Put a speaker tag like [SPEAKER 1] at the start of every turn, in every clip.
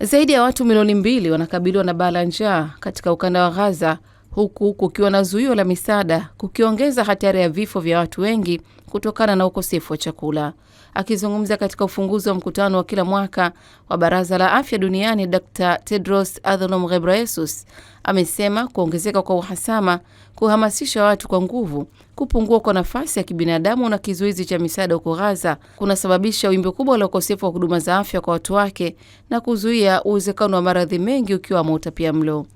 [SPEAKER 1] Zaidi ya watu milioni mbili wanakabiliwa na baa la njaa katika ukanda wa Gaza huku kukiwa na zuio la misaada kukiongeza hatari ya vifo vya watu wengi kutokana na ukosefu wa chakula. Akizungumza katika ufunguzi wa mkutano wa kila mwaka wa Baraza la Afya Duniani, Dr. Tedros Adhanom Ghebreyesus amesema kuongezeka kwa uhasama, kuhamasisha watu kwa nguvu, kupungua kwa nafasi ya kibinadamu na kizuizi cha misaada huko Gaza kunasababisha wimbi kubwa la ukosefu wa huduma za afya kwa watu wake na kuzuia uwezekano wa maradhi mengi ukiwamo utapia mlo.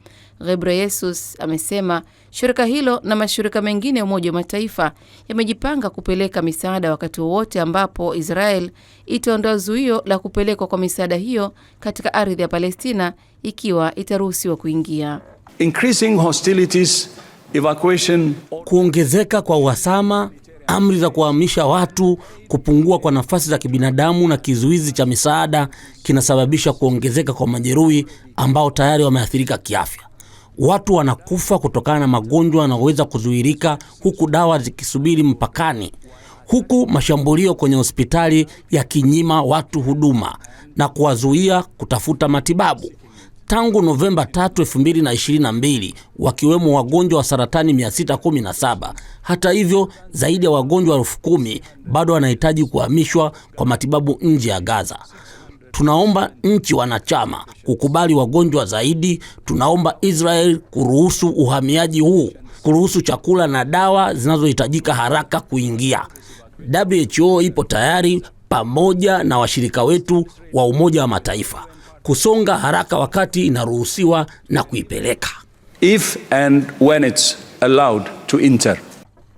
[SPEAKER 1] Ghebreyesus amesema shirika hilo na mashirika mengine ya Umoja wa Mataifa yamejipanga kupeleka misaada wakati wowote ambapo Israel itaondoa zuio la kupelekwa kwa misaada hiyo katika ardhi ya Palestina ikiwa itaruhusiwa kuingia.
[SPEAKER 2] Increasing hostilities, evacuation...
[SPEAKER 3] kuongezeka kwa uhasama, amri za kuhamisha watu, kupungua kwa nafasi za kibinadamu na kizuizi cha misaada kinasababisha kuongezeka kwa majeruhi ambao tayari wameathirika kiafya. Watu wanakufa kutokana na magonjwa yanayoweza kuzuirika, huku dawa zikisubiri mpakani, huku mashambulio kwenye hospitali yakinyima watu huduma na kuwazuia kutafuta matibabu. Tangu Novemba 3, 2022 wakiwemo wagonjwa wa saratani 617. Hata hivyo, zaidi ya wagonjwa elfu kumi bado wanahitaji kuhamishwa kwa matibabu nje ya Gaza. Tunaomba nchi wanachama kukubali wagonjwa zaidi. Tunaomba Israel kuruhusu uhamiaji huu, kuruhusu chakula na dawa zinazohitajika haraka kuingia. WHO ipo tayari pamoja na washirika wetu wa Umoja wa Mataifa kusonga haraka wakati inaruhusiwa na kuipeleka
[SPEAKER 2] if and when it's allowed to enter.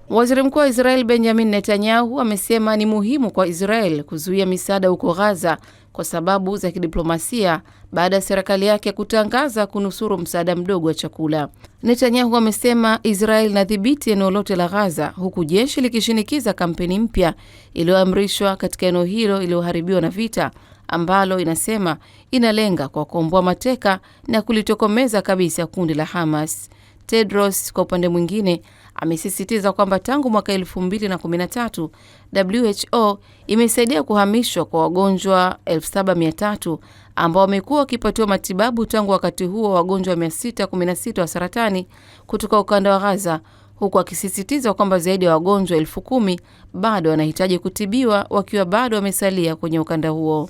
[SPEAKER 1] Waziri Mkuu wa Israel Benjamin Netanyahu amesema ni muhimu kwa Israel kuzuia misaada huko Gaza kwa sababu za kidiplomasia baada ya serikali yake kutangaza kunusuru msaada mdogo wa chakula. Netanyahu amesema Israel inadhibiti eneo lote la Gaza, huku jeshi likishinikiza kampeni mpya iliyoamrishwa katika eneo hilo iliyoharibiwa na vita, ambalo inasema inalenga kwa kuomboa mateka na kulitokomeza kabisa kundi la Hamas. Tedros kwa upande mwingine amesisitiza kwamba tangu mwaka 2013 WHO imesaidia kuhamishwa kwa wagonjwa 7300 ambao wamekuwa wakipatiwa matibabu tangu wakati huo, wagonjwa 616 wa saratani kutoka ukanda wa Gaza, huku akisisitiza kwamba zaidi ya wagonjwa elfu kumi bado wanahitaji kutibiwa wakiwa bado wamesalia kwenye ukanda huo.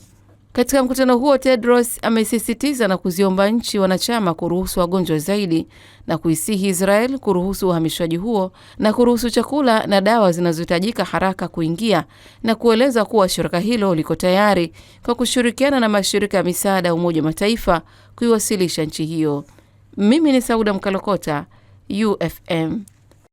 [SPEAKER 1] Katika mkutano huo Tedros amesisitiza na kuziomba nchi wanachama kuruhusu wagonjwa zaidi na kuisihi Israel kuruhusu uhamishwaji huo na kuruhusu chakula na dawa zinazohitajika haraka kuingia na kueleza kuwa shirika hilo liko tayari kwa kushirikiana na mashirika ya misaada ya Umoja wa Mataifa kuiwasilisha nchi hiyo. Mimi ni Sauda Mkalokota, UFM.